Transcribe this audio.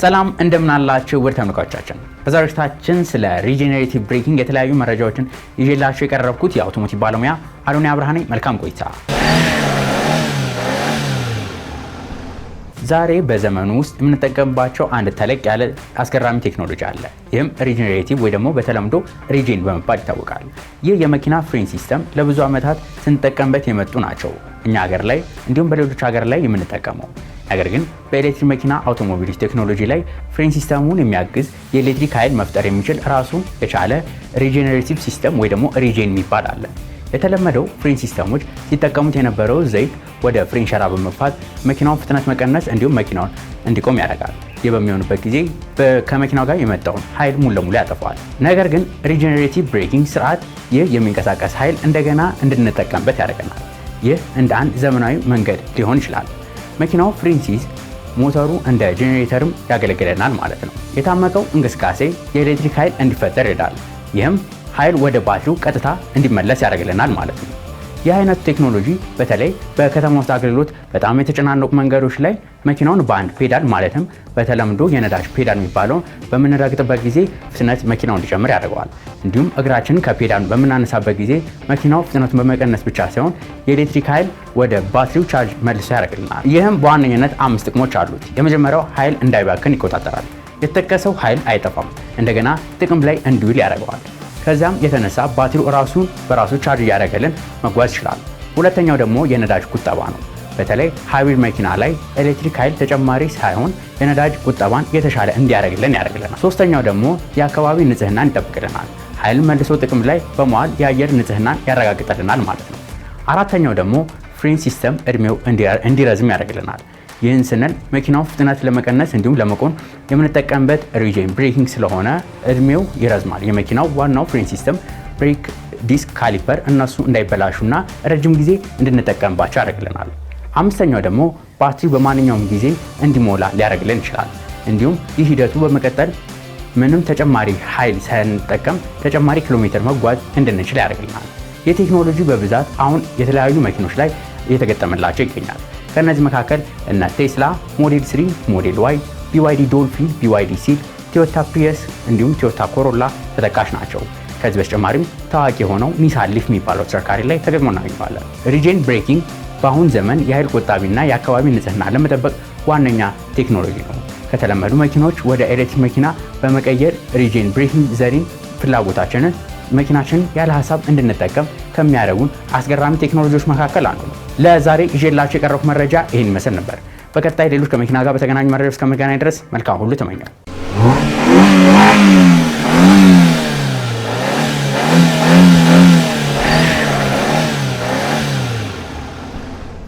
ሰላም እንደምናላችሁ ውድ ተመልካቾቻችን፣ በዛሬው ዝግጅታችን ስለ ሪጀኔሬቲቭ ብሬኪንግ የተለያዩ መረጃዎችን ይዤላችሁ የቀረብኩት የአውቶሞቲቭ ባለሙያ አሎኒ ብርሃኔ። መልካም ቆይታ። ዛሬ በዘመኑ ውስጥ የምንጠቀምባቸው አንድ ተለቅ ያለ አስገራሚ ቴክኖሎጂ አለ። ይህም ሪጀኔሬቲቭ ወይ ደግሞ በተለምዶ ሪጄን በመባል ይታወቃል። ይህ የመኪና ፍሬን ሲስተም ለብዙ ዓመታት ስንጠቀምበት የመጡ ናቸው እኛ ሀገር ላይ እንዲሁም በሌሎች ሀገር ላይ የምንጠቀመው። ነገር ግን በኤሌክትሪክ መኪና አውቶሞቢሎች ቴክኖሎጂ ላይ ፍሬን ሲስተሙን የሚያግዝ የኤሌክትሪክ ኃይል መፍጠር የሚችል ራሱን የቻለ ሪጀኔሬቲቭ ሲስተም ወይ ደግሞ ሪጄን የሚባል አለ። የተለመደው ፍሬን ሲስተሞች ሲጠቀሙት የነበረው ዘይት ወደ ፍሬን ሸራ በመግፋት መኪናውን ፍጥነት መቀነስ እንዲሁም መኪናውን እንዲቆም ያደርጋል። ይህ በሚሆንበት ጊዜ ከመኪናው ጋር የመጣውን ኃይል ሙሉ ለሙሉ ያጠፋዋል። ነገር ግን ሪጀኔሬቲቭ ብሬኪንግ ስርዓት ይህ የሚንቀሳቀስ ኃይል እንደገና እንድንጠቀምበት ያደርገናል። ይህ እንደ አንድ ዘመናዊ መንገድ ሊሆን ይችላል። መኪናው ፍሬን ሲይዝ ሞተሩ እንደ ጄኔሬተርም ያገለግለናል ማለት ነው። የታመቀው እንቅስቃሴ የኤሌክትሪክ ኃይል እንዲፈጠር ይሄዳል። ይህም ኃይል ወደ ባትሪው ቀጥታ እንዲመለስ ያደርግልናል ማለት ነው። ይህ አይነቱ ቴክኖሎጂ በተለይ በከተማ ውስጥ አገልግሎት በጣም የተጨናነቁ መንገዶች ላይ መኪናውን በአንድ ፔዳል ማለትም በተለምዶ የነዳጅ ፔዳል የሚባለውን በምንረግጥበት ጊዜ ፍጥነት መኪናው እንዲጨምር ያደርገዋል። እንዲሁም እግራችንን ከፔዳል በምናነሳበት ጊዜ መኪናው ፍጥነቱን በመቀነስ ብቻ ሳይሆን የኤሌክትሪክ ኃይል ወደ ባትሪው ቻርጅ መልሶ ያደርግልናል። ይህም በዋነኝነት አምስት ጥቅሞች አሉት። የመጀመሪያው ኃይል እንዳይባክን ይቆጣጠራል። የተጠቀሰው ኃይል አይጠፋም፣ እንደገና ጥቅም ላይ እንዲውል ያደርገዋል። ከዚያም የተነሳ ባትሪው ራሱን በራሱ ቻርጅ እያደረገልን መጓዝ ይችላል። ሁለተኛው ደግሞ የነዳጅ ቁጠባ ነው። በተለይ ሃይብሪድ መኪና ላይ ኤሌክትሪክ ኃይል ተጨማሪ ሳይሆን የነዳጅ ቁጠባን የተሻለ እንዲያደርግልን ያደርግልናል። ሶስተኛው ደግሞ የአካባቢ ንጽህናን ይጠብቅልናል። ኃይልን መልሶ ጥቅም ላይ በመዋል የአየር ንጽህናን ያረጋግጠልናል ማለት ነው። አራተኛው ደግሞ ፍሬን ሲስተም እድሜው እንዲረዝም ያደርግልናል። ይህን ስንል መኪናው ፍጥነት ለመቀነስ እንዲሁም ለመቆም የምንጠቀምበት ሪጅን ብሬኪንግ ስለሆነ እድሜው ይረዝማል። የመኪናው ዋናው ፍሬን ሲስተም፣ ብሬክ ዲስክ፣ ካሊፐር እነሱ እንዳይበላሹና ረጅም ጊዜ እንድንጠቀምባቸው ያደርግልናል። አምስተኛው ደግሞ ባትሪ በማንኛውም ጊዜ እንዲሞላ ሊያደርግልን ይችላል። እንዲሁም ይህ ሂደቱ በመቀጠል ምንም ተጨማሪ ኃይል ሳንጠቀም ተጨማሪ ኪሎ ሜትር መጓዝ እንድንችል ያደርግልናል። የቴክኖሎጂ በብዛት አሁን የተለያዩ መኪኖች ላይ እየተገጠመላቸው ይገኛል። ከእነዚህ መካከል እነ ቴስላ፣ ሞዴል 3፣ ሞዴል ዋይ፣ ቢዋይዲ ዶልፊን፣ ቢዋይዲ ሲል፣ ቲዮታ ፕሪየስ እንዲሁም ቲዮታ ኮሮላ ተጠቃሽ ናቸው። ከዚህ በተጨማሪም ታዋቂ የሆነው ኒሳን ሊፍ የሚባለው ተሽከርካሪ ላይ ተገጥሞ እናገኘዋለን። ሪጄን ብሬኪንግ በአሁን ዘመን የኃይል ቆጣቢና የአካባቢ ንጽህና ለመጠበቅ ዋነኛ ቴክኖሎጂ ነው። ከተለመዱ መኪኖች ወደ ኤሌክትሪክ መኪና በመቀየር ሪጄን ብሬኪንግ ዘዴን ፍላጎታችንን መኪናችንን ያለ ሀሳብ እንድንጠቀም ከሚያደርጉን አስገራሚ ቴክኖሎጂዎች መካከል አንዱ ነው። ለዛሬ ይዤላችሁ የቀረብኩ መረጃ ይህን ይመስል ነበር። በቀጣይ ሌሎች ከመኪና ጋር በተገናኙ መረጃ እስከመገናኝ ድረስ መልካም ሁሉ ተመኘው።